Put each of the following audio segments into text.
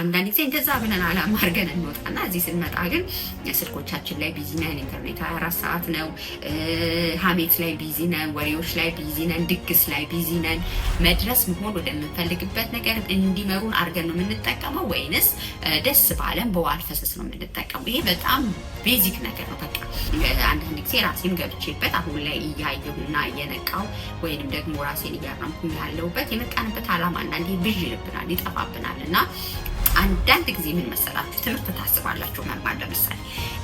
አንዳንድ ጊዜ እንደዛ ብለን አላማ አድርገን እንወጣና እዚህ ስንመጣ ግን ስልኮቻችን ላይ ቢዚ ነን። ኢንተርኔት 24 ሰዓት ነው። ሀሜት ላይ ቢዚ ነን፣ ወሬዎች ላይ ቢዚ ነን፣ ድግስ ላይ ቢዚ ነን። መድረስ መሆን ወደምንፈልግበት ነገር እንዲመሩን አድርገን ነው የምንጠቀመው ወይንስ ደስ ባለን በዋል ፈሰስ ነው የምንጠቀመው? ይሄ በጣም ቤዚክ ነገር ነው። በቃ አንዳንድ ጊዜ ራሴም ገብቼበት አሁን ላይ እያየሁና እየነቃው ወይንም ደግሞ ራሴን እያራምኩ ያለሁበት የመጣንበት አላማ አንዳንዴ ብዥ ይልብናል፣ ይጠፋብናል እና አንዳንድ ጊዜ ምን መሰላችሁ ትምህርት ታስባላችሁ መማር ለምሳሌ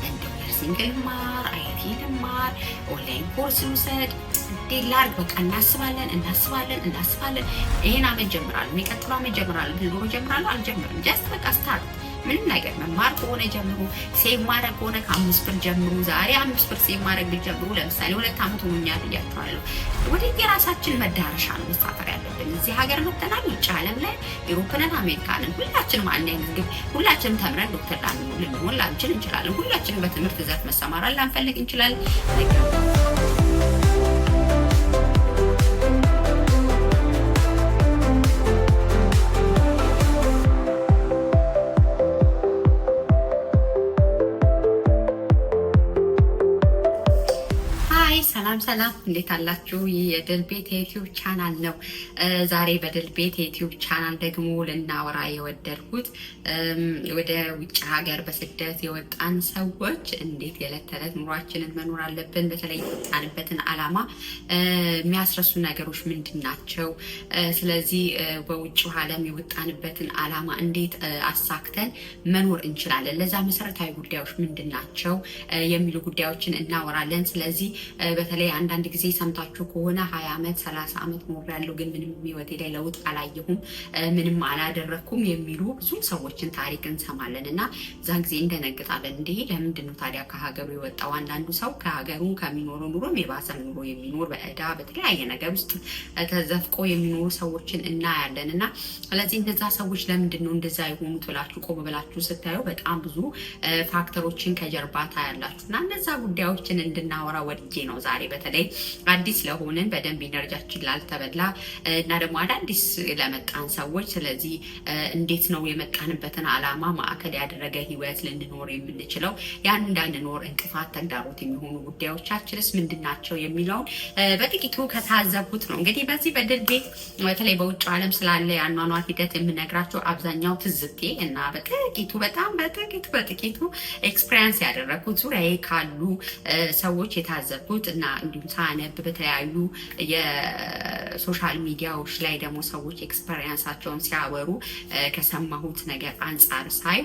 እንደ ነርሲንግ ልማር፣ አይቲ ልማር፣ ኦንላይን ኮርስ ይውሰድ እንዴት ላድርግ በቃ እናስባለን እናስባለን እናስባለን። ይሄን አመት ጀምራለሁ፣ የሚቀጥለው አመት ጀምራለሁ፣ ድሮ ጀምራለሁ፣ አልጀምርም ጀስት በቃ ስታርት ምንም ነገር መማር ከሆነ ጀምሮ ሴቭ ማድረግ ከሆነ ከአምስት ብር ጀምሮ ዛሬ አምስት ብር ሴቭ ማድረግ ጀምሮ ለምሳሌ ሁለት ዓመት ሆኖኛል እያቸዋለሁ። ወደ የራሳችን መዳረሻ ነው መሳፈር ያለብን። እዚህ ሀገር መጥተናል። ውጭ ዓለም ላይ ኤሮፕንን፣ አሜሪካንን ሁላችንም አንድ አይነት ግን ሁላችንም ተምረን ዶክተር ላንሆን ላንችል እንችላለን። ሁላችንም በትምህርት ዘርፍ መሰማራት ላንፈልግ እንችላለን። ሰላም እንዴት አላችሁ? ይህ የድል ቤት የዩቲዩብ ቻናል ነው። ዛሬ በድል ቤት የዩቲዩብ ቻናል ደግሞ ልናወራ የወደድኩት ወደ ውጭ ሀገር በስደት የወጣን ሰዎች እንዴት የዕለት ተዕለት ኑሯችንን መኖር አለብን፣ በተለይ የወጣንበትን አላማ የሚያስረሱ ነገሮች ምንድን ናቸው? ስለዚህ በውጭ ዓለም የወጣንበትን አላማ እንዴት አሳክተን መኖር እንችላለን፣ ለዛ መሰረታዊ ጉዳዮች ምንድን ናቸው የሚሉ ጉዳዮችን እናወራለን። ስለዚህ በተለይ አንዳንድ ጊዜ ሰምታችሁ ከሆነ ሀያ ዓመት ሰላሳ ዓመት ኖሬያለሁ ግን ምንም ህይወቴ ላይ ለውጥ አላየሁም ምንም አላደረግኩም የሚሉ ብዙ ሰዎችን ታሪክ እንሰማለን እና እዛን ጊዜ እንደነግጣለን። እንዲህ ለምንድን ነው ታዲያ ከሀገሩ የወጣው? አንዳንዱ ሰው ከሀገሩ ከሚኖረው ኑሮም የባሰ ኑሮ የሚኖር በእዳ በተለያየ ነገር ውስጥ ተዘፍቆ የሚኖሩ ሰዎችን እናያለን እና ስለዚህ እነዛ ሰዎች ለምንድን ነው እንደዛ የሆኑት ብላችሁ ቆም ብላችሁ ስታዩ በጣም ብዙ ፋክተሮችን ከጀርባ ታያላችሁ እና እነዛ ጉዳዮችን እንድናወራ ወድጄ ነው ዛሬ በተለይ አዲስ ለሆንን በደንብ ኢነርጂያችን ላልተበላ እና ደግሞ አዳዲስ ለመጣን ሰዎች ስለዚህ እንዴት ነው የመጣንበትን ዓላማ ማዕከል ያደረገ ህይወት ልንኖር የምንችለው ያን እንዳንኖር እንቅፋት፣ ተግዳሮት የሚሆኑ ጉዳዮቻችንስ ምንድን ናቸው የሚለውን በጥቂቱ ከታዘቡት ነው። እንግዲህ በዚህ በድርጌ በተለይ በውጭ ዓለም ስላለ የአኗኗር ሂደት የምነግራቸው አብዛኛው ትዝቴ እና በጥቂቱ በጣም በጥቂቱ በጥቂቱ ኤክስፔሪንስ ያደረግኩት ዙሪያዬ ካሉ ሰዎች የታዘብኩት እና እንዲሁም ሳነብ በተለያዩ የሶሻል ሚዲያዎች ላይ ደግሞ ሰዎች ኤክስፐሪንሳቸውን ሲያወሩ ከሰማሁት ነገር አንጻር ሳይ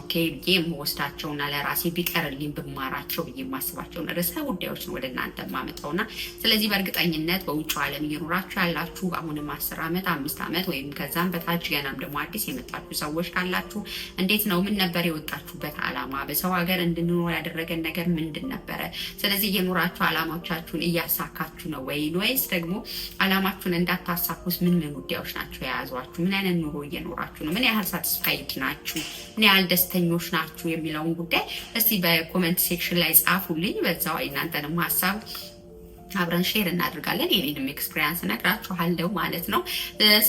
ኦኬ ብዬ የምወስዳቸውና ለራሴ ቢቀርልኝ ብማራቸው ብዬ የማስባቸውን ርዕሰ ጉዳዮችን ወደ እናንተ የማመጣውና ስለዚህ በእርግጠኝነት በውጭ ዓለም እየኖራችሁ ያላችሁ አሁንም አስር ዓመት አምስት ዓመት ወይም ከዛም በታች ገናም ደግሞ አዲስ የመጣችሁ ሰዎች ካላችሁ እንዴት ነው? ምን ነበር የወጣችሁበት ዓላማ? በሰው ሀገር እንድንኖር ያደረገን ነገር ምንድን ነበረ? ስለዚህ እየኖራችሁ ዓላማዎቻችሁ አላማችሁን እያሳካችሁ ነው ወይን ወይስ ደግሞ አላማችሁን እንዳታሳኩስ ምን ምን ጉዳዮች ናቸው የያዟችሁ? ምን አይነት ኑሮ እየኖራችሁ ነው? ምን ያህል ሳትስፋይድ ናችሁ? ምን ያህል ደስተኞች ናችሁ? የሚለውን ጉዳይ እስቲ በኮመንት ሴክሽን ላይ ጻፉልኝ። በዛው እናንተንም ሀሳብ አብረን ሼር እናደርጋለን። የኔንም ኤክስፔሪንስ እነግራችኋለሁ ማለት ነው።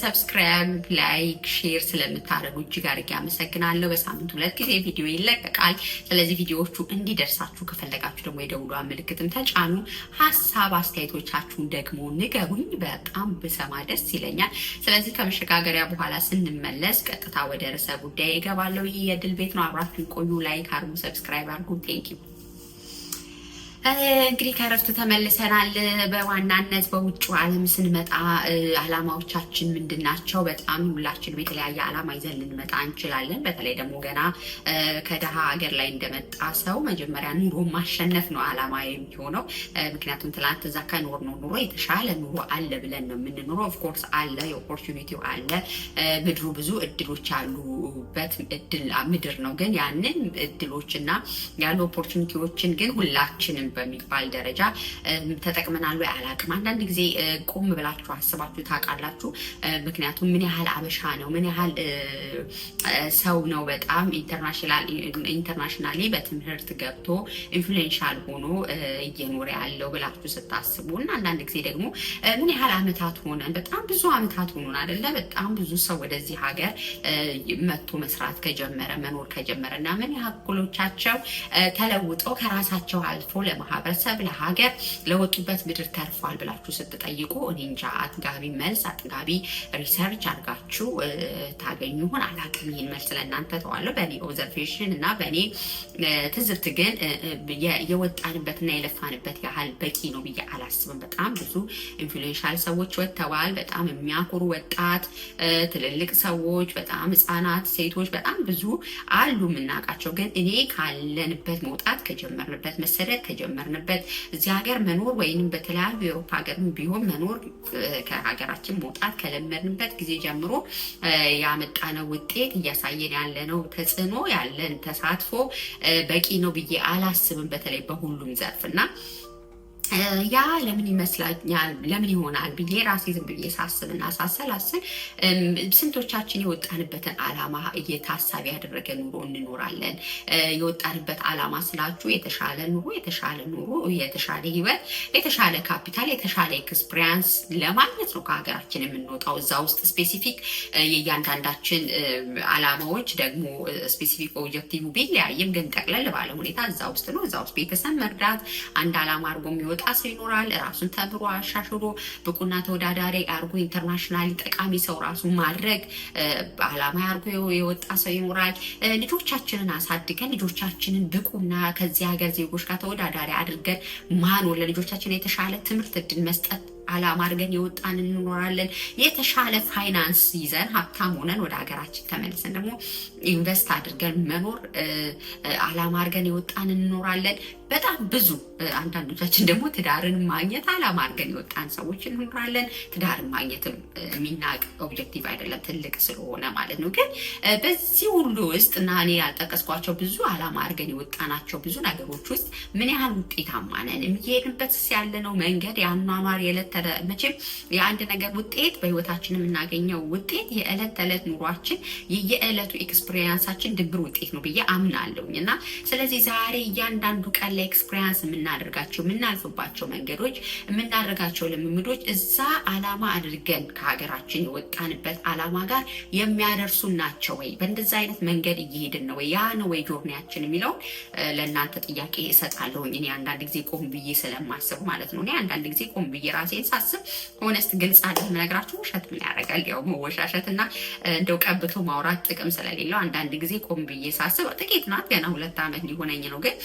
ሰብስክራይብ፣ ላይክ፣ ሼር ስለምታደርጉ እጅግ አድርጌ አመሰግናለሁ። በሳምንት ሁለት ጊዜ ቪዲዮ ይለቀቃል። ስለዚህ ቪዲዮዎቹ እንዲደርሳችሁ ከፈለጋችሁ ደግሞ የደውሏ ምልክትም ተጫኑ። ሀሳብ አስተያየቶቻችሁን ደግሞ ንገሩኝ፣ በጣም ብሰማ ደስ ይለኛል። ስለዚህ ከመሸጋገሪያ በኋላ ስንመለስ ቀጥታ ወደ ርዕሰ ጉዳይ ይገባለሁ። ይህ የድል ቤት ነው። አብራችሁን ቆዩ። ላይክ አርጉ፣ ሰብስክራይብ አርጉ። ቴንኪው እንግዲህ ከረፍት ተመልሰናል። በዋናነት በውጭ ዓለም ስንመጣ አላማዎቻችን ምንድን ናቸው? በጣም ሁላችንም የተለያየ አላማ ይዘን ልንመጣ እንችላለን። በተለይ ደግሞ ገና ከድሃ ሀገር ላይ እንደመጣ ሰው መጀመሪያ ኑሮ ማሸነፍ ነው አላማ የሚሆነው። ምክንያቱም ትላንት እዛ ከኖር ነው ኑሮ የተሻለ ኑሮ አለ ብለን ነው የምንኖረው። ኦፍኮርስ አለ፣ የኦፖርቹኒቲው አለ፣ ምድሩ ብዙ እድሎች ያሉበት ምድር ነው። ግን ያንን እድሎችና ያሉ ኦፖርቹኒቲዎችን ግን ሁላችንም በሚባል ደረጃ ተጠቅመናል ወይ አላውቅም። አንዳንድ ጊዜ ቆም ብላችሁ አስባችሁ ታውቃላችሁ? ምክንያቱም ምን ያህል አበሻ ነው ምን ያህል ሰው ነው በጣም ኢንተርናሽናሊ በትምህርት ገብቶ ኢንፍሉዌንሻል ሆኖ እየኖረ ያለው ብላችሁ ስታስቡ እና አንዳንድ ጊዜ ደግሞ ምን ያህል አመታት ሆነን በጣም ብዙ አመታት ሆኖን አይደለ? በጣም ብዙ ሰው ወደዚህ ሀገር መጥቶ መስራት ከጀመረ መኖር ከጀመረ እና ምን ያህሎቻቸው ተለውጠው ከራሳቸው አልፎ ለማ ማህበረሰብ ለሀገር፣ ለወጡበት ምድር ተርፏል ብላችሁ ስትጠይቁ እኔ እንጃ አጥጋቢ መልስ አጥጋቢ ሪሰርች አድርጋችሁ ታገኙ ይሆን አላውቅም። ይህን መልስ ለእናንተ ተዋለሁ። በእኔ ኦብዘርቬሽን እና በእኔ ትዝብት ግን የወጣንበትና የለፋንበት ያህል በቂ ነው ብዬ አላስብም። በጣም ብዙ ኢንፍሉዌንሻል ሰዎች ወጥተዋል። በጣም የሚያኩሩ ወጣት፣ ትልልቅ ሰዎች፣ በጣም ህፃናት፣ ሴቶች በጣም ብዙ አሉ የምናውቃቸው። ግን እኔ ካለንበት መውጣት ከጀመርንበት መሰደድ ከጀመ የጀመርንበት እዚህ ሀገር መኖር ወይም በተለያዩ የአውሮፓ ሀገር ቢሆን መኖር ከሀገራችን መውጣት ከለመድንበት ጊዜ ጀምሮ ያመጣነው ውጤት እያሳየን ያለነው ተጽዕኖ ያለን ተሳትፎ በቂ ነው ብዬ አላስብም። በተለይ በሁሉም ዘርፍ እና ያ ለምን ይመስላኛል ለምን ይሆናል ብዬ ራሴ ዝም ብዬ ሳስብና ሳሰላስል ስንቶቻችን የወጣንበትን ዓላማ እየታሳቢ ያደረገ ኑሮ እንኖራለን? የወጣንበት ዓላማ ስላችሁ የተሻለ ኑሮ፣ የተሻለ ኑሮ፣ የተሻለ ህይወት የተሻለ ካፒታል፣ የተሻለ ኤክስፕሪያንስ ለማግኘት ነው ከሀገራችን የምንወጣው። እዛ ውስጥ ስፔሲፊክ የእያንዳንዳችን ዓላማዎች ደግሞ ስፔሲፊክ ኦብጀክቲቭ ቢለያይም ግን ጠቅለል ባለ ሁኔታ እዛ ውስጥ ነው። እዛ ውስጥ ቤተሰብ መርዳት አንድ ዓላማ አድርጎ የሚወ ሰው ይኖራል። ራሱን ተምሮ አሻሽሎ ብቁና ተወዳዳሪ አርጎ ኢንተርናሽናል ጠቃሚ ሰው ራሱ ማድረግ አላማ አርጎ የወጣ ሰው ይኖራል። ልጆቻችንን አሳድገን ልጆቻችንን ብቁና ከዚህ ሀገር ዜጎች ጋር ተወዳዳሪ አድርገን ማኖር ለልጆቻችን የተሻለ ትምህርት እድል መስጠት አላማ አድርገን የወጣን እንኖራለን። የተሻለ ፋይናንስ ይዘን ሀብታም ሆነን ወደ ሀገራችን ተመልሰን ደግሞ ኢንቨስት አድርገን መኖር አላማ አድርገን የወጣን እንኖራለን። በጣም ብዙ አንዳንዶቻችን ደግሞ ትዳርን ማግኘት አላማ አድርገን የወጣን ሰዎች እንኖራለን። ትዳርን ማግኘት የሚናቅ ኦብጀክቲቭ አይደለም ትልቅ ስለሆነ ማለት ነው። ግን በዚህ ሁሉ ውስጥ እና እኔ ያልጠቀስኳቸው ብዙ አላማ አድርገን የወጣናቸው ብዙ ነገሮች ውስጥ ምን ያህል ውጤታማ ነን? የሚሄድበት ያለነው መንገድ የአኗኗር የዕለት መቼም የአንድ ነገር ውጤት በህይወታችን የምናገኘው ውጤት የዕለት ተዕለት ኑሯችን የየዕለቱ ኤክስፔሪንሳችን ድምር ውጤት ነው ብዬ አምናለሁኝ እና ስለዚህ ዛሬ እያንዳንዱ ቀን ላይ ኤክስፕሪንስ የምናደርጋቸው የምናልፍባቸው መንገዶች የምናደርጋቸው ልምምዶች እዛ አላማ አድርገን ከሀገራችን የወጣንበት አላማ ጋር የሚያደርሱ ናቸው ወይ? በእንደዛ አይነት መንገድ እየሄድን ነው ወይ? ያ ነው ወይ ጆርኒያችን የሚለውን ለእናንተ ጥያቄ እሰጣለሁ። እኔ አንዳንድ ጊዜ ቆም ብዬ ስለማስብ ማለት ነው። እኔ አንዳንድ ጊዜ ቆም ብዬ ራሴን ሳስብ ሆነስት ግልጽ አለ ምነግራችሁ ውሸት ምን ያደርጋል? ያው መወሻሸት እና እንደው ቀብቶ ማውራት ጥቅም ስለሌለው አንዳንድ ጊዜ ቆም ብዬ ሳስብ ጥቂት ናት ገና ሁለት ዓመት ሊሆነኝ ነው ግን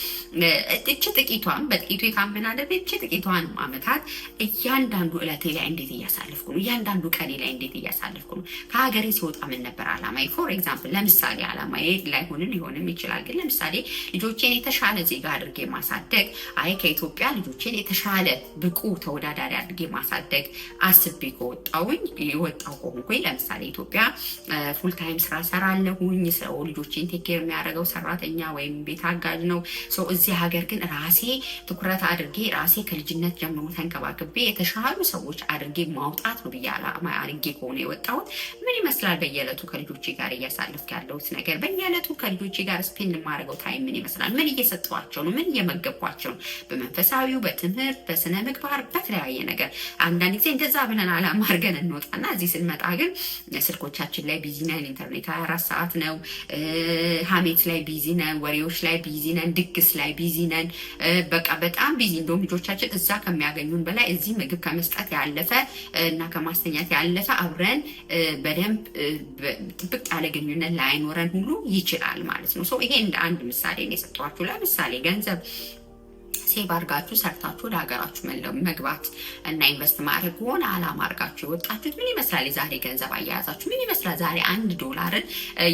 እች ጥቂቷን በጥቂቱ የካምፕን አደብ እች ጥቂቷን ዓመታት እያንዳንዱ እለቴ ላይ እንዴት እያሳልፍኩ ነው? እያንዳንዱ ቀኔ ላይ እንዴት እያሳልፍኩ ነው? ከሀገሬ ሲወጣ ምን ነበር አላማ? ፎር ኤግዛምፕል ለምሳሌ ዓላማ ላይሆንም ሊሆንም ይችላል። ግን ለምሳሌ ልጆቼን የተሻለ ዜጋ አድርጌ ማሳደግ፣ አይ ከኢትዮጵያ ልጆቼን የተሻለ ብቁ ተወዳዳሪ አድርጌ ማሳደግ አስቤ ከወጣውኝ የወጣው ከሆንኩኝ ለምሳሌ ኢትዮጵያ ፉልታይም ታይም ስራ ሰራለሁኝ። ሰው ልጆቼን ቴኬር ኬር የሚያደርገው ሰራተኛ ወይም ቤት አጋዥ ነው። ሰው እዚህ ሀገር ግን ራሴ ትኩረት አድርጌ ራሴ ከልጅነት ጀምሮ ተንከባክቤ የተሻሉ ሰዎች አድርጌ ማውጣት ነው ብዬ አላማ አድርጌ ከሆነ የወጣሁት ምን ይመስላል? በየዕለቱ ከልጆቼ ጋር እያሳለፍኩ ያለሁት ነገር በየዕለቱ ከልጆቼ ጋር ስፔንድ የማደርገው ታይም ምን ይመስላል? ምን እየሰጠኋቸው ነው? ምን እየመገብኳቸው ነው? በመንፈሳዊው፣ በትምህርት፣ በስነ ምግባር፣ በተለያየ ነገር። አንዳንድ ጊዜ እንደዛ ብለን አላማ አድርገን እንወጣና እዚህ ስንመጣ ግን ስልኮቻችን ላይ ቢዚ ነን። ኢንተርኔት ሀያ አራት ሰዓት ነው። ሀሜት ላይ ቢዚ ነን። ወሬዎች ላይ ቢዚ ነን። ድግስ ላይ ቢዚ ነን። ነን። በቃ በጣም ቢዚ እንደውም ልጆቻችን እዛ ከሚያገኙን በላይ እዚህ ምግብ ከመስጠት ያለፈ እና ከማስተኛት ያለፈ አብረን በደንብ ጥብቅ ያለ ግንኙነት ላይኖረን ሁሉ ይችላል ማለት ነው። ይሄ እንደ አንድ ምሳሌ ነው የሰጠኋችሁ። ለምሳሌ ገንዘብ ሴቭ አድርጋችሁ ሰርታችሁ ወደ ሀገራችሁ መግባት እና ኢንቨስት ማድረግ ከሆነ አላማ አድርጋችሁ የወጣችሁት ምን ይመስላል? የዛሬ ገንዘብ አያያዛችሁ ምን ይመስላል? ዛሬ አንድ ዶላርን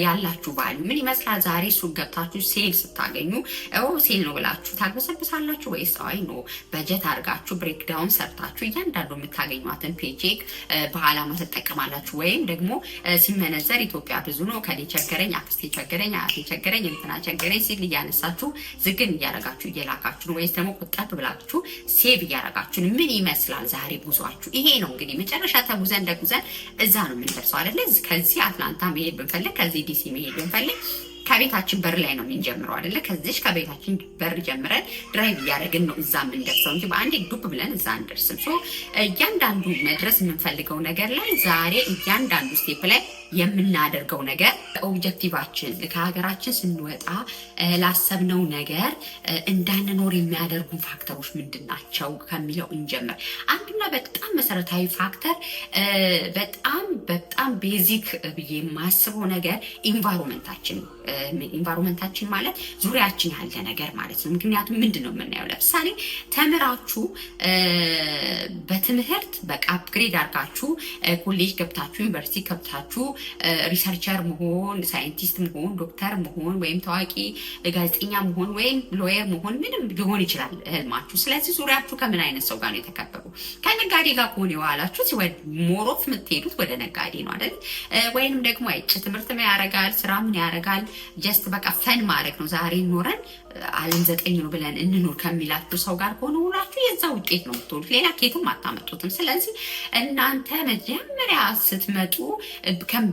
ያላችሁ ባሉ ምን ይመስላል? ዛሬ ሱቅ ገብታችሁ ሴል ስታገኙ ሴል ነው ብላችሁ ታግበሰብሳላችሁ ወይስ አይ ኖ በጀት አድርጋችሁ ብሬክዳውን ሰርታችሁ እያንዳንዱ የምታገኟትን ፔቼክ በአላማ ትጠቀማላችሁ ወይም ደግሞ ሲመነዘር ኢትዮጵያ ብዙ ነው ከሌ ቸገረኝ፣ አክስቴ ቸገረኝ፣ አያቴ ቸገረኝ፣ እንትና ቸገረኝ ሲል እያነሳችሁ ዝግን እያደረጋችሁ እየላካችሁ ነው ወይስ ደግሞ ቆጠብ ብላችሁ ሴቭ እያረጋችሁን ምን ይመስላል ዛሬ ጉዟችሁ? ይሄ ነው እንግዲህ መጨረሻ ተጉዘን እንደጉዘን እዛ ነው የምንደርሰው አይደለ? ከዚህ አትላንታ መሄድ ብንፈልግ፣ ከዚህ ዲሲ መሄድ ብንፈልግ ከቤታችን በር ላይ ነው የምንጀምረው አይደለ? ከዚች ከቤታችን በር ጀምረን ድራይቭ እያደረግን ነው እዛ የምንደርሰው እንጂ በአንዴ ዱብ ብለን እዛ አንደርስም። እያንዳንዱ መድረስ የምንፈልገው ነገር ላይ ዛሬ እያንዳንዱ ስቴፕ ላይ የምናደርገው ነገር ኦብጀክቲቫችን ከሀገራችን ስንወጣ ላሰብነው ነገር እንዳንኖር የሚያደርጉን ፋክተሮች ምንድን ናቸው ከሚለው እንጀምር። አንዱና በጣም መሰረታዊ ፋክተር በጣም በጣም ቤዚክ ብዬ የማስበው ነገር ኢንቫይሮመንታችን ነው። ማለት ዙሪያችን ያለ ነገር ማለት ነው። ምክንያቱም ምንድን ነው የምናየው፣ ለምሳሌ ተምራችሁ በትምህርት በቃ አፕግሬድ አድርጋችሁ ኮሌጅ ገብታችሁ ዩኒቨርሲቲ ገብታችሁ ሪሰርቸር መሆን፣ ሳይንቲስት መሆን፣ ዶክተር መሆን ወይም ታዋቂ ጋዜጠኛ መሆን ወይም ሎየር መሆን ምንም ሊሆን ይችላል ህልማችሁ። ስለዚህ ዙሪያችሁ ከምን አይነት ሰው ጋር ነው የተከበቡ? ከነጋዴ ጋር ከሆነ የዋላችሁ ሞሮፍ የምትሄዱት ወደ ነጋዴ ነው አይደል? ወይንም ደግሞ አይጭ ትምህርት ምን ያደርጋል ስራ ምን ያደርጋል ጀስት በቃ ፈን ማድረግ ነው ዛሬ ኖረን አለም ዘጠኝ ነው ብለን እንኖር ከሚላችሁ ሰው ጋር ከሆነ ሁላችሁ የዛ ውጤት ነው የምትሆኑት። ሌላ ኬቱም አታመጡትም። ስለዚህ እናንተ መጀመሪያ ስትመጡ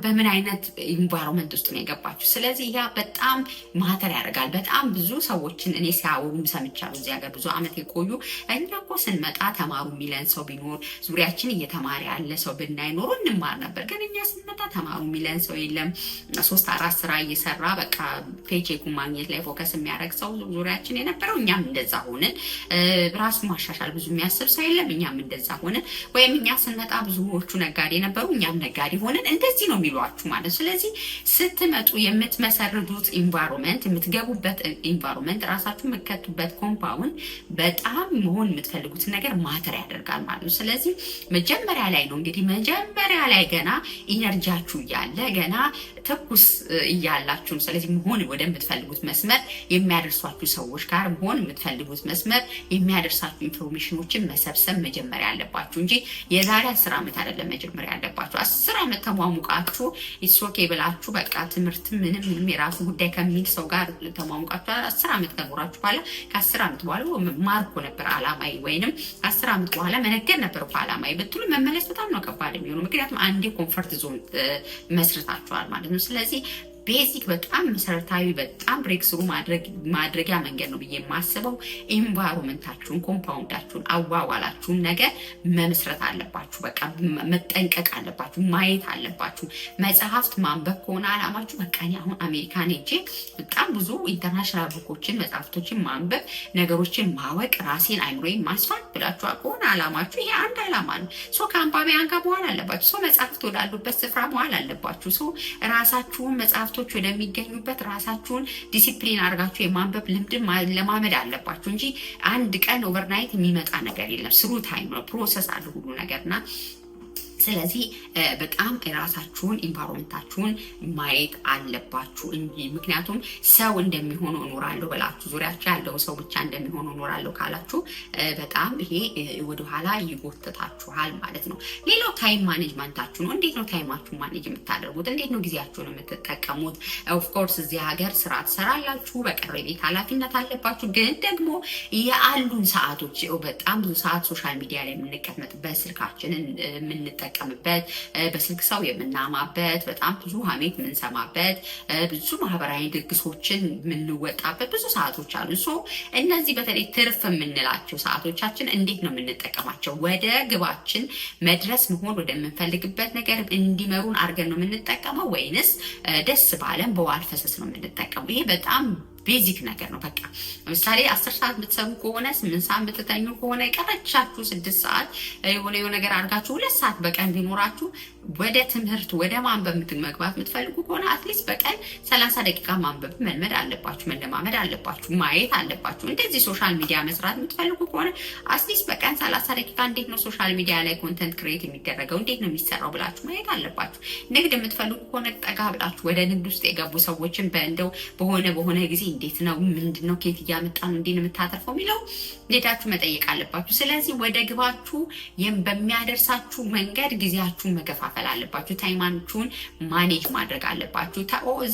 በምን አይነት ኢንቫይሮንመንት ውስጥ ነው የገባችሁ? ስለዚህ ያ በጣም ማተር ያደርጋል። በጣም ብዙ ሰዎችን እኔ ሲያወሩም ሰምቻለሁ። እዚህ ሀገር ብዙ ዓመት የቆዩ እኛ እኮ ስንመጣ ተማሩ የሚለን ሰው ቢኖር ዙሪያችን እየተማረ ያለ ሰው ብናይኖሩ እንማር ነበር። ግን እኛ ስንመጣ ተማሩ የሚለን ሰው የለም። ሶስት አራት ስራ እየሰራ በቃ ፔቼኩ ማግኘት ላይ ፎከስ የሚያደርግ ሰው ዙሪያችን የነበረው እኛም እንደዛ ሆንን። ራሱ ማሻሻል ብዙ የሚያስብ ሰው የለም። እኛም እንደዛ ሆንን። ወይም እኛ ስንመጣ ብዙዎቹ ነጋዴ ነበሩ፣ እኛም ነጋዴ ሆንን። እንደዚህ ነው የሚሏችሁ ማለት። ስለዚህ ስትመጡ የምትመሰርዱት ኢንቫይሮንመንት፣ የምትገቡበት ኢንቫይሮንመንት፣ ራሳችሁ የምትከቱበት ኮምፓውንድ በጣም መሆን የምትፈልጉትን ነገር ማተር ያደርጋል ማለት ነው። ስለዚህ መጀመሪያ ላይ ነው እንግዲህ መጀመሪያ ላይ ገና ኢነርጂያችሁ እያለ ገና ትኩስ እያላችሁም ስለዚህ መሆን ወደምትፈልጉት መስመር የሚያደርሷችሁ ሰዎች ጋር መሆን የምትፈልጉት መስመር የሚያደርሳችሁ ኢንፎርሜሽኖችን መሰብሰብ መጀመሪያ አለባችሁ እንጂ የዛሬ አስር ዓመት አይደለም መጀመሪያ ያለባችሁ። አስር ዓመት ተሟሙቃ ብላችሁ ኢትስ ኦኬ ብላችሁ በቃ ትምህርት ምንም ምንም የራሱ ጉዳይ ከሚል ሰው ጋር ተሟሙቃችሁ አስር ዓመት ከኖራችሁ በኋላ ከአስር ዓመት በኋላ ማርኮ ነበር አላማይ ወይንም ከአስር ዓመት በኋላ መነገር ነበር አላማይ ብትሉ መመለስ በጣም ነው ከባድ የሚሆኑ ምክንያቱም አንዴ ኮንፈርት ዞን መስርታችኋል ማለት ነው። ስለዚህ ቤዚክ በጣም መሰረታዊ በጣም ብሬክስሩ ማድረጊያ መንገድ ነው ብዬ የማስበው ኤንቫይሮንመንታችሁን፣ ኮምፓውንዳችሁን፣ አዋዋላችሁን ነገር መመስረት አለባችሁ። በቃ መጠንቀቅ አለባችሁ፣ ማየት አለባችሁ። መጽሐፍት ማንበብ ከሆነ አላማችሁ በቃ እኔ አሁን አሜሪካን ሄጄ በጣም ብዙ ኢንተርናሽናል ቡኮችን መጽሐፍቶችን ማንበብ ነገሮችን ማወቅ ራሴን አይምሮ ማስፋት ብላችሁ ከሆነ አላማችሁ ይሄ አንድ አላማ ነው። ሶ ከአንባቢያን ጋር መዋል አለባችሁ። ሶ መጽሐፍት ወዳሉበት ስፍራ መዋል አለባችሁ። ሶ ራሳችሁን መጽሐፍ መጽሐፍቶች ወደሚገኙበት ራሳችሁን ዲሲፕሊን አድርጋችሁ የማንበብ ልምድ ለማመድ አለባችሁ እንጂ አንድ ቀን ኦቨርናይት የሚመጣ ነገር የለም። ስሩ ታይም ነው፣ ፕሮሰስ አለ ሁሉ ነገርና ስለዚህ በጣም ራሳችሁን ኢንቫይሮንመንታችሁን ማየት አለባችሁ እንጂ ምክንያቱም ሰው እንደሚሆኑ እኖራለሁ ብላችሁ ዙሪያችሁ ያለው ሰው ብቻ እንደሚሆኑ እኖራለሁ ካላችሁ በጣም ይሄ ወደኋላ ይጎትታችኋል ማለት ነው። ሌላው ታይም ማኔጅመንታችሁ ነው። እንዴት ነው ታይማችሁን ማኔጅ የምታደርጉት? እንዴት ነው ጊዜያችሁን የምትጠቀሙት? ኦፍኮርስ እዚህ ሀገር ስራ ትሰራላችሁ፣ በቀር ቤት ኃላፊነት አለባችሁ። ግን ደግሞ ያሉን ሰዓቶች በጣም ብዙ ሰዓት ሶሻል ሚዲያ ላይ የምንቀመጥበት ስልካችንን የምንጠቀ የምንጠቀምበት፣ በስልክ ሰው የምናማበት፣ በጣም ብዙ ሀሜት የምንሰማበት፣ ብዙ ማህበራዊ ድግሶችን የምንወጣበት ብዙ ሰዓቶች አሉ። እነዚህ በተለይ ትርፍ የምንላቸው ሰዓቶቻችን እንዴት ነው የምንጠቀማቸው? ወደ ግባችን መድረስ መሆን ወደምንፈልግበት ነገር እንዲመሩን አድርገን ነው የምንጠቀመው ወይንስ ደስ ባለን በዋል ፈሰስ ነው የምንጠቀመው? ይሄ በጣም ቤዚክ ነገር ነው። በቃ ለምሳሌ አስር ሰዓት የምትሰሩ ከሆነ ስምንት ሰዓት የምትተኙ ከሆነ የቀረቻችሁ ስድስት ሰዓት የሆነ የሆነ ነገር አድርጋችሁ ሁለት ሰዓት በቀን ቢኖራችሁ ወደ ትምህርት ወደ ማንበብ መግባት የምትፈልጉ ከሆነ አትሊስት በቀን ሰላሳ ደቂቃ ማንበብ መልመድ አለባችሁ፣ መለማመድ አለባችሁ፣ ማየት አለባችሁ። እንደዚህ ሶሻል ሚዲያ መስራት የምትፈልጉ ከሆነ አትሊስት በቀን ሰላሳ ደቂቃ እንዴት ነው ሶሻል ሚዲያ ላይ ኮንተንት ክሬት የሚደረገው እንዴት ነው የሚሰራው ብላችሁ ማየት አለባችሁ። ንግድ የምትፈልጉ ከሆነ ጠጋ ብላችሁ ወደ ንግድ ውስጥ የገቡ ሰዎችን በእንደው በሆነ በሆነ ጊዜ እንዴት ነው ምንድን ነው ኬት እያመጣ ነው እንዴ ነው የምታተርፈው የሚለው ሄዳችሁ መጠየቅ አለባችሁ። ስለዚህ ወደ ግባችሁ በሚያደርሳችሁ መንገድ ጊዜያችሁን መከፋፈል አለባችሁ። ታይማችሁን ማኔጅ ማድረግ አለባችሁ።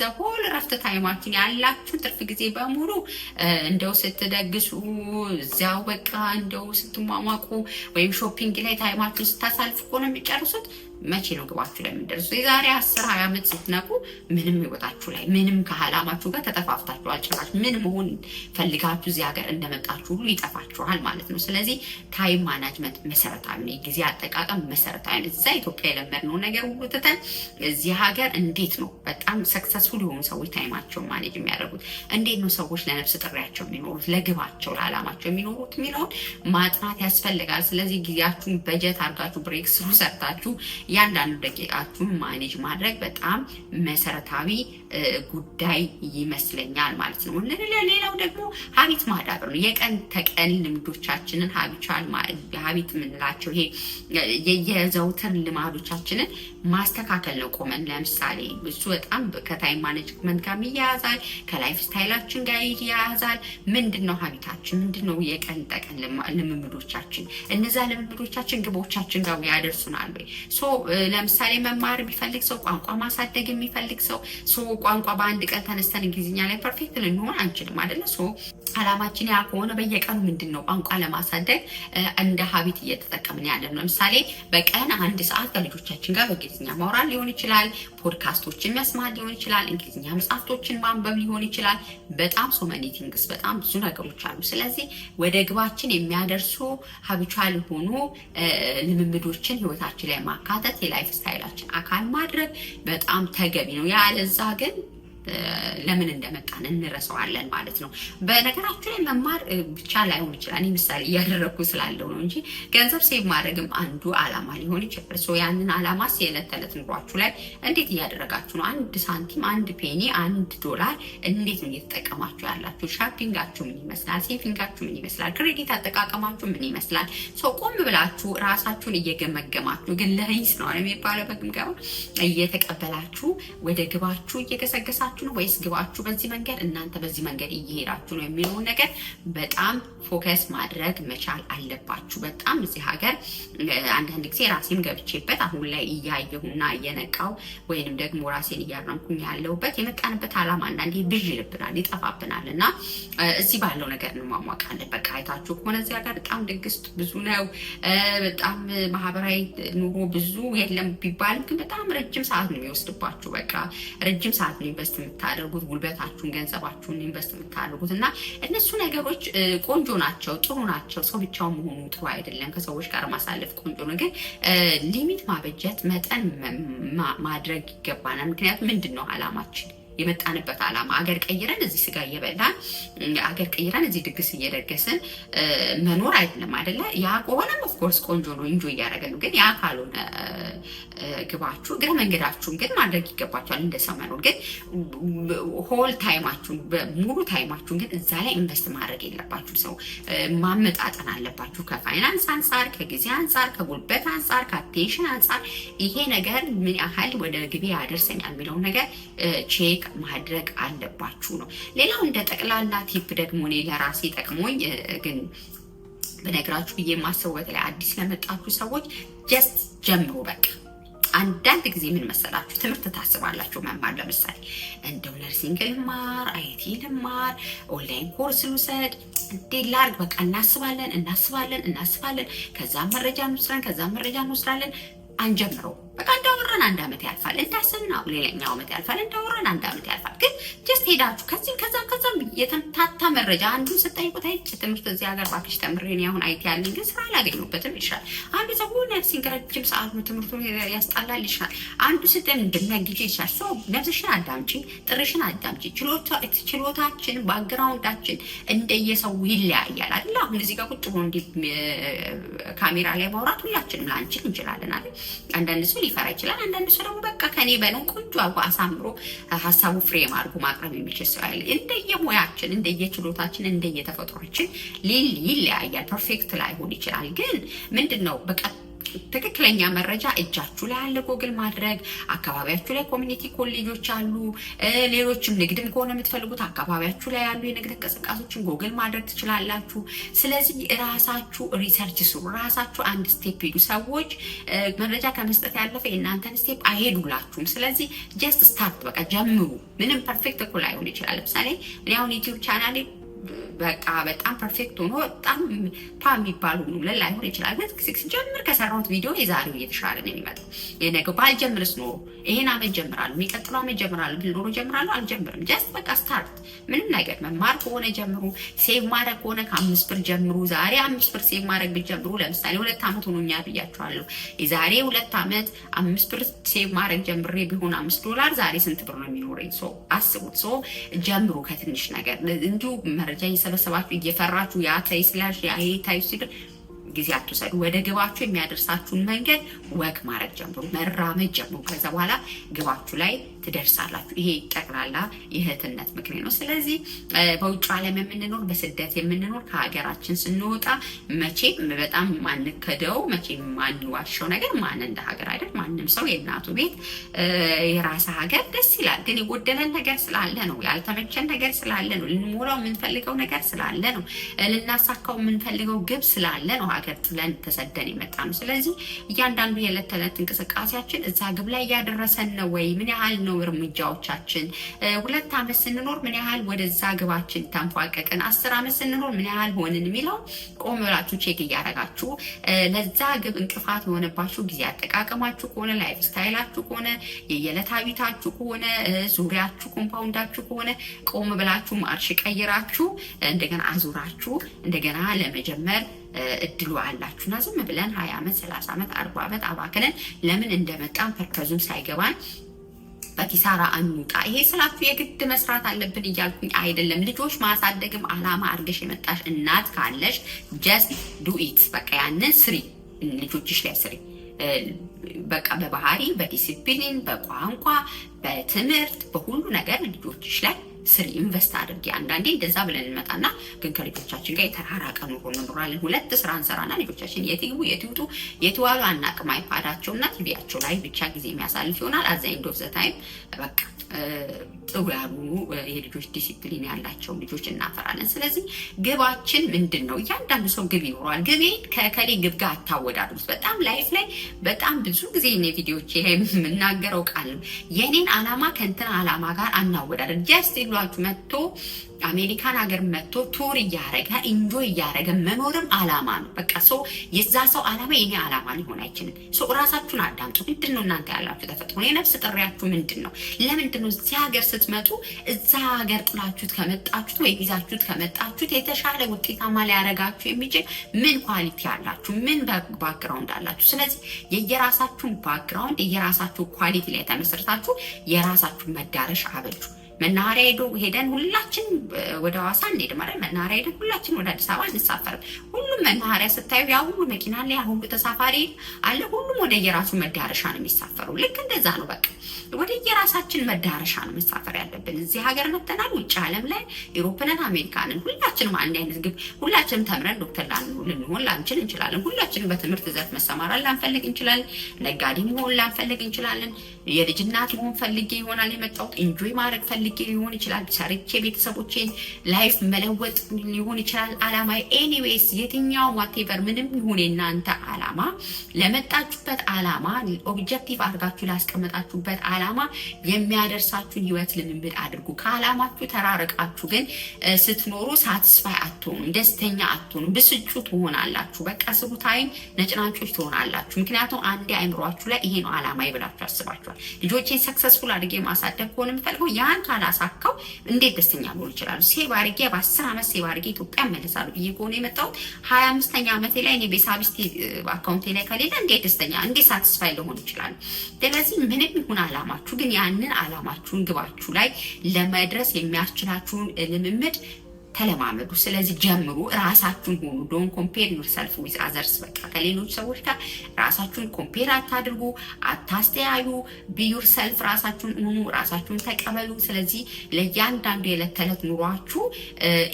ዘ ሆል ረፍት ታይማችሁን ያላችሁ ትርፍ ጊዜ በሙሉ እንደው ስትደግሱ እዚያው በቃ እንደው ስትሟሟቁ ወይም ሾፒንግ ላይ ታይማችሁን ስታሳልፍ እኮ ነው የሚጨርሱት። መቼ ነው ግባችሁ ላይ የምትደርሱ? የዛሬ አስር ሀያ ዓመት ስትነቁ ምንም ህይወታችሁ ላይ ምንም ከዓላማችሁ ጋር ተጠፋፍታችኋል። ጭራሽ ምን መሆን ፈልጋችሁ እዚህ ሀገር እንደመጣችሁ ሁሉ ይጠፋችኋል ማለት ነው። ስለዚህ ታይም ማናጅመንት መሰረታዊ ነው። የጊዜ አጠቃቀም መሰረታዊ ነው። እዛ ኢትዮጵያ የለመድነው ነገር ሁሉ ትተን እዚህ ሀገር እንዴት ነው በጣም ሰክሰስፉል የሆኑ ሰዎች ታይማቸውን ማኔጅ የሚያደርጉት እንዴት ነው ሰዎች ለነፍስ ጥሪያቸው የሚኖሩት ለግባቸው ለዓላማቸው የሚኖሩት የሚለውን ማጥናት ያስፈልጋል። ስለዚህ ጊዜያችሁን በጀት አድርጋችሁ ብሬክ ስሩ ሰርታችሁ እያንዳንዱ ደቂቃችሁን ማኔጅ ማድረግ በጣም መሰረታዊ ጉዳይ ይመስለኛል ማለት ነው። ሌላው ደግሞ ሀቢት ማዳበር ነው። የቀን ተቀን ልምዶቻችንን ሀቢቻል ሀቢት የምንላቸው ይሄ የዘውትር ልማዶቻችንን ማስተካከል ነው። ቆመን ለምሳሌ እሱ በጣም ከታይም ማኔጅመንት ጋር ይያያዛል፣ ከላይፍ ስታይላችን ጋር ይያያዛል። ምንድን ነው ሀቢታችን? ምንድን ነው የቀን ተቀን ልምምዶቻችን? እነዛ ልምምዶቻችን ግቦቻችን ጋር ያደርሱናል ወይ? ሶ ለምሳሌ መማር የሚፈልግ ሰው፣ ቋንቋ ማሳደግ የሚፈልግ ሰው ቋንቋ በአንድ ቀን ተነስተን እንግሊዝኛ ላይ ፐርፌክት ልንሆን አንችልም አይደለ? አላማችን ያ ከሆነ በየቀኑ ምንድን ነው ቋንቋ ለማሳደግ እንደ ሀቢት እየተጠቀምን ያለ ነው። ለምሳሌ በቀን አንድ ሰዓት ከልጆቻችን ጋር በእንግሊዝኛ ማውራት ሊሆን ይችላል። ፖድካስቶችን መስማት ሊሆን ይችላል። እንግሊዝኛ መጽሐፍቶችን ማንበብ ሊሆን ይችላል። በጣም ሶ መኒ ቲንግስ በጣም ብዙ ነገሮች አሉ። ስለዚህ ወደ ግባችን የሚያደርሱ ሀቢቻል የሆኑ ልምምዶችን ህይወታችን ላይ ማካተት መስጠት የላይፍ ስታይላችን አካል ማድረግ በጣም ተገቢ ነው። ያለዛ ግን ለምን እንደመጣን እንረሰዋለን ማለት ነው። በነገራችን ላይ መማር ብቻ ላይሆን ይችላል። እኔ ምሳሌ እያደረግኩ ስላለው ነው እንጂ ገንዘብ ሴቭ ማድረግም አንዱ አላማ ሊሆን ይችላል። ሶ ያንን አላማ የዕለት ተዕለት ኑሯችሁ ላይ እንዴት እያደረጋችሁ ነው? አንድ ሳንቲም፣ አንድ ፔኒ፣ አንድ ዶላር እንዴት ነው እየተጠቀማችሁ ያላችሁ? ሻፒንጋችሁ ምን ይመስላል? ሴቪንጋችሁ ምን ይመስላል? ክሬዲት አጠቃቀማችሁ ምን ይመስላል? ሰው ቆም ብላችሁ ራሳችሁን እየገመገማችሁ ግን ለይስ ነው የሚባለው በግምገማ እየተቀበላችሁ ወደ ግባችሁ እየገሰገሳ እየሰራችሁ ነው ወይስ ግባችሁ በዚህ መንገድ እናንተ በዚህ መንገድ እየሄዳችሁ ነው የሚለውን ነገር በጣም ፎከስ ማድረግ መቻል አለባችሁ። በጣም እዚህ ሀገር አንዳንድ ጊዜ ራሴም ገብቼበት አሁን ላይ እያየሁና እየነቃው ወይንም ደግሞ ራሴን እያረምኩኝ ያለሁበት የመጣንበት ዓላማ አንዳንዴ ብዥ ይልብናል፣ ይጠፋብናል እና እዚህ ባለው ነገር እንሟሟቃለን። በቃ አይታችሁ ከሆነ እዚህ ሀገር በጣም ድግስት ብዙ ነው። በጣም ማህበራዊ ኑሮ ብዙ የለም ቢባልም ግን በጣም ረጅም ሰዓት ነው የሚወስድባችሁ። በቃ ረጅም ሰዓት ነው ኢንቨስት የምታደርጉት ጉልበታችሁን፣ ገንዘባችሁን ኢንቨስት የምታደርጉት እና እነሱ ነገሮች ቆንጆ ናቸው፣ ጥሩ ናቸው። ሰው ብቻውን መሆኑ ጥሩ አይደለም። ከሰዎች ጋር ማሳለፍ ቆንጆ ነው፣ ግን ሊሚት ማበጀት መጠን ማድረግ ይገባናል። ምክንያቱም ምንድን ነው አላማችን የመጣንበት ዓላማ አገር ቀይረን እዚህ ስጋ እየበላን አገር ቀይረን እዚህ ድግስ እየደገስን መኖር አይደለም አይደለ? ያ ከሆነም ኦፍኮርስ ቆንጆ ነው፣ እንጆ እያደረገ ነው። ግን ያ ካልሆነ ግባችሁ እግረ መንገዳችሁን ግን ማድረግ ይገባችኋል። እንደ ሰው መኖር ግን ሆል ታይማችሁን ሙሉ ታይማችሁን ግን እዛ ላይ ኢንቨስት ማድረግ የለባችሁ። ሰው ማመጣጠን አለባችሁ፣ ከፋይናንስ አንጻር፣ ከጊዜ አንጻር፣ ከጉልበት አንጻር፣ ከአቴንሽን አንጻር ይሄ ነገር ምን ያህል ወደ ግቤ ያደርሰኛል የሚለውን ነገር ቼክ ማድረግ አለባችሁ ነው። ሌላው እንደ ጠቅላላ ቲፕ ደግሞ እኔ ለራሴ ጠቅሞኝ ግን ብነግራችሁ ብዬ የማስበው በተለይ አዲስ ለመጣችሁ ሰዎች ጀስት ጀምሩ በቃ። አንዳንድ ጊዜ ምን መሰላችሁ ትምህርት ታስባላችሁ መማር ለምሳሌ እንደው ነርሲንግ ልማር፣ አይቲ ልማር፣ ኦንላይን ኮርስ ልውሰድ፣ እንዴ ላርግ በቃ እናስባለን እናስባለን እናስባለን። ከዛ መረጃ እንወስዳለን ከዛ መረጃ እንወስዳለን። አንጀምረው በቃ እንዳወራን አንድ ዓመት ያልፋል፣ እንዳሰብን አሁን ሌላኛው ዓመት ያልፋል፣ እንዳወራን አንድ ዓመት ያልፋል። ግን ጀስት ሄዳችሁ ከዚህ ከዛም ከዛም የተምታታ መረጃ አንዱ ስጠይቁት አይቼ ትምህርት እዚህ ሀገር ባክሽ ተምሬ እኔ አሁን አይቲ ያለኝ ግን ስራ አላገኘሁበትም ይሻል። አንዱ ሰው ነፍሲን ከረጅም ሰዓት ነው ትምህርቱ ያስጣላል ይሻል። አንዱ ስጠን እንድነግጅ ይሻል። ሰው ነፍስሽን አዳምጪ፣ ጥርሽን አዳምጪ። ችሎታችን ባግራውንዳችን እንደየሰው ይለያያል አይደል? አሁን እዚህ ጋር ቁጭ ብሎ እንዲ ካሜራ ላይ ማውራት ሁላችንም ላንችል እንችላለን አይደል? አንዳንድ ሰው ሊፈራ ይችላል። ይችላል። አንዳንድ ሰው ደግሞ በቃ ከኔ በልን ቆንጆ አልፎ አሳምሮ ሀሳቡ ፍሬም አድርጎ ማቅረብ የሚችል ሰው ያለ እንደየሙያችን፣ እንደየችሎታችን፣ እንደየተፈጥሯችን ሊል ይለያያል። ፐርፌክት ላይሆን ይችላል። ግን ምንድን ነው በቃ ትክክለኛ መረጃ እጃችሁ ላይ አለ። ጎግል ማድረግ አካባቢያችሁ ላይ ኮሚኒቲ ኮሌጆች አሉ። ሌሎችም ንግድም ከሆነ የምትፈልጉት አካባቢያችሁ ላይ ያሉ የንግድ እንቅስቃሴዎችን ጎግል ማድረግ ትችላላችሁ። ስለዚህ ራሳችሁ ሪሰርች ስሩ። ራሳችሁ አንድ ስቴፕ ሄዱ። ሰዎች መረጃ ከመስጠት ያለፈ የእናንተን ስቴፕ አይሄዱላችሁም። ስለዚህ ጀስት ስታርት፣ በቃ ጀምሩ። ምንም ፐርፌክት እኩል አይሆን ይችላል። ለምሳሌ እኔ አሁን ዩቲዩብ ቻናሌ በቃ በጣም ፐርፌክት ሆኖ በጣም ፓ የሚባል ሆኖ ላይሆን ይችላል። ግን ሲጀምር ከሰራሁት ቪዲዮ የዛሬው እየተሻለ ነው የሚመጣው። የነገው ባልጀምርስ ኖሮ ይሄን አመት ጀምራለሁ፣ የሚቀጥለው አመት ጀምራለሁ ብል ኖሮ ጀምራለሁ። አልጀምርም። ጀስት በቃ ስታርት። ምንም ነገር መማር ከሆነ ጀምሩ። ሴቭ ማድረግ ከሆነ ከአምስት ብር ጀምሩ። ዛሬ አምስት ብር ሴቭ ማድረግ ብትጀምሩ፣ ለምሳሌ ሁለት አመት ሆኖኛል ብያቸዋለሁ። የዛሬ ሁለት አመት አምስት ብር ሴቭ ማድረግ ጀምሬ ቢሆን አምስት ዶላር ዛሬ ስንት ብር ነው የሚኖረኝ? ሰው አስቡት። ሰው ጀምሩ ከትንሽ ነገር እንዲሁ መረጃ እየሰበሰባችሁ እየፈራችሁ ያ ተይ ስላልሽ ያ ይሄ ታይ ሲል ጊዜ አትውሰዱ። ወደ ግባችሁ የሚያደርሳችሁን መንገድ ወግ ማድረግ ጀምሩ፣ መራመድ ጀምሩ። ከዛ በኋላ ግባችሁ ላይ ትደርሳላችሁ። ይሄ ጠቅላላ የእህትነት ምክሬ ነው። ስለዚህ በውጭ ዓለም የምንኖር በስደት የምንኖር ከሀገራችን ስንወጣ መቼም በጣም ማንከደው መቼም ማንዋሸው ነገር ማን እንደ ሀገር አይደል? ማንም ሰው የእናቱ ቤት የራስ ሀገር ደስ ይላል። ግን የጎደለን ነገር ስላለ ነው፣ ያልተመቸን ነገር ስላለ ነው፣ ልንሞላው የምንፈልገው ነገር ስላለ ነው፣ ልናሳካው የምንፈልገው ግብ ስላለ ነው ሀገር ጥለን ተሰደን የመጣ ነው። ስለዚህ እያንዳንዱ የዕለት ተዕለት እንቅስቃሴያችን እዛ ግብ ላይ እያደረሰን ነው ወይ? ምን ያህል ነው እርምጃዎቻችን፣ ሁለት ዓመት ስንኖር ምን ያህል ወደዛ ግባችን ተንፏቀቅን፣ አስር ዓመት ስንኖር ምን ያህል ሆንን የሚለው ቆም ብላችሁ ቼክ እያደረጋችሁ ለዛ ግብ እንቅፋት የሆነባችሁ ጊዜ አጠቃቀማችሁ ከሆነ ላይፍ ስታይላችሁ ከሆነ የየዕለት ሀቢታችሁ ከሆነ ዙሪያችሁ ኮምፓውንዳችሁ ከሆነ ቆም ብላችሁ ማርሽ ቀይራችሁ እንደገና አዙራችሁ እንደገና ለመጀመር እድሉ አላችሁ እና ዝም ብለን ሀያ ዓመት ሰላሳ ዓመት አርባ ዓመት አባክነን ለምን እንደመጣን ፐርፐዙም ሳይገባን በኪሳራ አንውጣ። ይሄ ስላችሁ የግድ መስራት አለብን እያልኩኝ አይደለም። ልጆች ማሳደግም አላማ አድርገሽ የመጣሽ እናት ካለሽ ጀስት ዱ ኢት በቃ ያንን ስሪ፣ ልጆችሽ ላይ ስሪ። በቃ በባህሪ፣ በዲሲፕሊን፣ በቋንቋ፣ በትምህርት፣ በሁሉ ነገር ልጆችሽ ላይ ስል ኢንቨስት አድርጌ አንዳንዴ እንደዛ ብለን እንመጣና ግን ከልጆቻችን ጋር የተራራቀ ኑሮ እንኖራለን። ሁለት ስራ እንሰራና ልጆቻችን የት ይግቡ የት ይውጡ የት ዋሉ አናቅም። አይፋዳቸውና ቲቪያቸው ላይ ብቻ ጊዜ የሚያሳልፍ ይሆናል። አዛኝ ኢንድ ዘ ታይም በቃ ጥሩ ያሉ የልጆች ዲሲፕሊን ያላቸውን ልጆች እናፈራለን። ስለዚህ ግባችን ምንድን ነው? እያንዳንዱ ሰው ግብ ይኖረዋል። ግቤን ከከሌ ግብ ጋር አታወዳድሩት። በጣም ላይፍ ላይ በጣም ብዙ ጊዜ ኔ ቪዲዮች የምናገረው ቃል የኔን አላማ ከእንትን አላማ ጋር አናወዳድር። ጀስት ይሏችሁ መጥቶ አሜሪካን ሀገር መጥቶ ቱር እያደረገ ኢንጆይ እያደረገ መኖርም አላማ ነው። በቃ ሰው የዛ ሰው አላማ የኔ አላማ ሊሆን አይችልም። ሰው እራሳችሁን አዳምጡ። ምንድን ነው እናንተ ያላችሁ ተፈጥሮ የነፍስ ጥሪያችሁ ምንድን ነው? ለምንድን ነው እዚህ ሀገር ስትመጡ እዛ ሀገር ጥላችሁት ከመጣችሁት ወይ ይዛችሁት ከመጣችሁት የተሻለ ውጤታማ ሊያደርጋችሁ የሚችል ምን ኳሊቲ አላችሁ? ምን ባክግራውንድ አላችሁ? ስለዚህ የየራሳችሁን ባክግራውንድ የየራሳችሁ ኳሊቲ ላይ ተመስርታችሁ የራሳችሁን መዳረሻ አበጁ። መናኸሪያ ሄዶ ሄደን ሁላችን ወደ ሐዋሳ እንሄድ ማለት መናኸሪያ ሄደን ሁላችን ወደ አዲስ አበባ እንሳፈርም መናኸሪያ ስታዩ ያ ሁሉ መኪና አለ፣ ያ ሁሉ ተሳፋሪ አለ። ሁሉም ወደ የራሱ መዳረሻ ነው የሚሳፈሩ። ልክ እንደዛ ነው። በቃ ወደ የራሳችን መዳረሻ ነው መሳፈር ያለብን። እዚህ ሀገር መተናል፣ ውጭ ዓለም ላይ ኢሮፕንን፣ አሜሪካንን ሁላችንም አንድ አይነት ግብ ሁላችንም ተምረን ዶክተር ልንሆን ላንችል እንችላለን። ሁላችንም በትምህርት ዘርፍ መሰማራት ላንፈልግ እንችላለን። ነጋዴ መሆን ላንፈልግ እንችላለን። የልጅ እናት መሆን ፈልጌ ይሆናል የመጣሁት። ኢንጆይ ማድረግ ፈልጌ ሊሆን ይችላል። ሰርቼ ቤተሰቦቼን ላይፍ መለወጥ ሊሆን ይችላል አላማዬ ኤኒዌይስ የትኛው የትኛው ዋቴቨር ምንም ይሁን የእናንተ አላማ ለመጣችሁበት አላማ ኦብጀክቲቭ አድርጋችሁ ላስቀመጣችሁበት አላማ የሚያደርሳችሁን ህይወት ልምምድ አድርጉ። ከአላማችሁ ተራርቃችሁ ግን ስትኖሩ ሳትስፋይ አትሆኑም፣ ደስተኛ አትሆኑም፣ ብስጩ ትሆናላችሁ። በቃ ስሩ ነጭናጮች ትሆናላችሁ። ምክንያቱም አንዴ አይምሯችሁ ላይ ይሄ ነው አላማ ይብላችሁ አስባችኋል። ልጆቼን ሰክሰስፉል አድርጌ ማሳደግ ከሆነ የምፈልገው ያን ካላሳካው እንዴት ደስተኛ ልሆን ይችላሉ? ሴቭ አድርጌ በአስር ዓመት ሴቭ አድርጌ ኢትዮጵያ መለሳሉ ብዬ ከሆነ የመጣሁት ሀያ አምስተኛ ዓመቴ ላይ እኔ ቤሳቢስቲ አካውንቴ ላይ ከሌለ እንዴት ደስተኛ እንዴት ሳትስፋይ ልሆን ይችላል? ስለዚህ ምንም ይሁን አላማችሁ ግን ያንን አላማችሁን ግባችሁ ላይ ለመድረስ የሚያስችላችሁን ልምምድ ተለማመዱ። ስለዚህ ጀምሩ፣ ራሳችሁን ሆኑ። ዶን ኮምፔር ዩርሰልፍ ዊዝ አዘርስ። በቃ ከሌሎች ሰዎች ጋር ራሳችሁን ኮምፔር አታድርጉ፣ አታስተያዩ። ቢዩርሰልፍ ራሳችሁን ሆኑ፣ ራሳችሁን ተቀበሉ። ስለዚህ ለእያንዳንዱ የዕለት ተዕለት ኑሯችሁ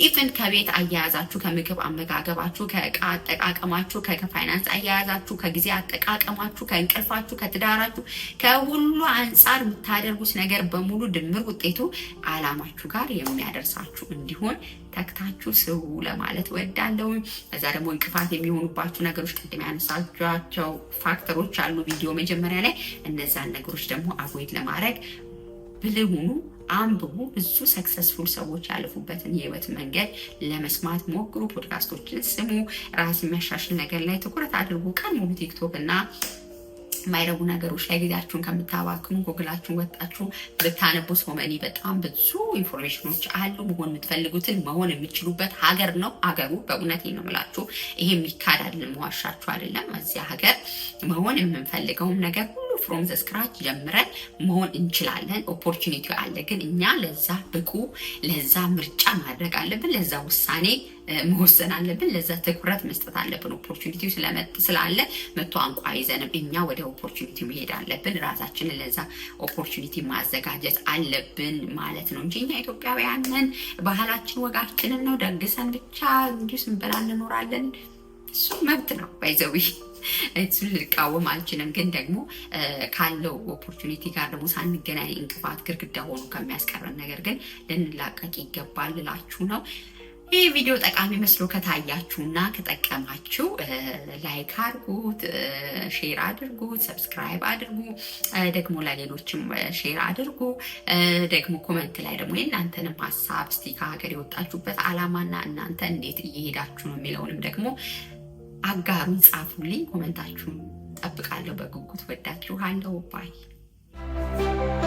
ኢቨን uh, ከቤት አያያዛችሁ፣ ከምግብ አመጋገባችሁ፣ ከእቃ አጠቃቀማችሁ፣ ከፋይናንስ አያያዛችሁ፣ ከጊዜ አጠቃቀማችሁ፣ ከእንቅልፋችሁ፣ ከትዳራችሁ፣ ከሁሉ አንጻር የምታደርጉት ነገር በሙሉ ድምር ውጤቱ አላማችሁ ጋር የሚያደርሳችሁ እንዲሆን ተክታችሁ ስሩ ለማለት ወዳለው። ከዛ ደግሞ እንቅፋት የሚሆኑባችሁ ነገሮች ቅድም ያነሳቸው ፋክተሮች አሉ ቪዲዮ መጀመሪያ ላይ እነዛን ነገሮች ደግሞ አቮይድ ለማድረግ ብልሁኑ አንብቡ። ብዙ ሰክሰስፉል ሰዎች ያለፉበትን የህይወት መንገድ ለመስማት ሞክሩ። ፖድካስቶችን ስሙ። ራስ የሚያሻሽል ነገር ላይ ትኩረት አድርጉ። ቀን ሙሉ ቲክቶክ እና የማይረቡ ነገሮች ላይ ጊዜያችሁን ከምታባክኑ ጎግላችሁን ወጣችሁ ብታነቡ ሶመኒ በጣም ብዙ ኢንፎርሜሽኖች አሉ። መሆን የምትፈልጉትን መሆን የምችሉበት ሀገር ነው። ሀገሩ በእውነት ነው ምላችሁ፣ ይሄ የሚካድ አይደለም፣ ዋሻችሁ አይደለም። እዚያ ሀገር መሆን የምንፈልገውም ነገር ፍሮም ዘ ስክራች ጀምረን መሆን እንችላለን። ኦፖርቹኒቲ አለ። ግን እኛ ለዛ ብቁ ለዛ ምርጫ ማድረግ አለብን። ለዛ ውሳኔ መወሰን አለብን። ለዛ ትኩረት መስጠት አለብን። ኦፖርቹኒቲ ስላለ መቶ አንቋ ይዘንም እኛ ወደ ኦፖርቹኒቲ መሄድ አለብን። ራሳችንን ለዛ ኦፖርቹኒቲ ማዘጋጀት አለብን ማለት ነው እንጂ እኛ ኢትዮጵያውያንን ባህላችን ወጋችንን ነው ደግሰን ብቻ እንዲሁ ስንበላ እንኖራለን። እሱ መብት ነው ባይዘዊ እሱን ልቃወም አልችልም። ግን ደግሞ ካለው ኦፖርቹኒቲ ጋር ደግሞ ሳንገናኝ እንቅፋት ግርግዳ ሆኖ ከሚያስቀረን ነገር ግን ልንላቀቅ ይገባል ልላችሁ ነው። ይህ ቪዲዮ ጠቃሚ መስሎ ከታያችሁ እና ከጠቀማችሁ ላይክ አድርጉት፣ ሼር አድርጉት፣ ሰብስክራይብ አድርጉ፣ ደግሞ ለሌሎችም ሼር አድርጉ። ደግሞ ኮመንት ላይ ደግሞ የእናንተንም ሀሳብ እስቲ ከሀገር የወጣችሁበት አላማና እናንተ እንዴት እየሄዳችሁ ነው የሚለውንም ደግሞ አጋሩ፣ ጻፉልኝ፣ ኮመንታችሁን ጠብቃለሁ በጉጉት። ወዳችኋለሁ። ባይ Thank you.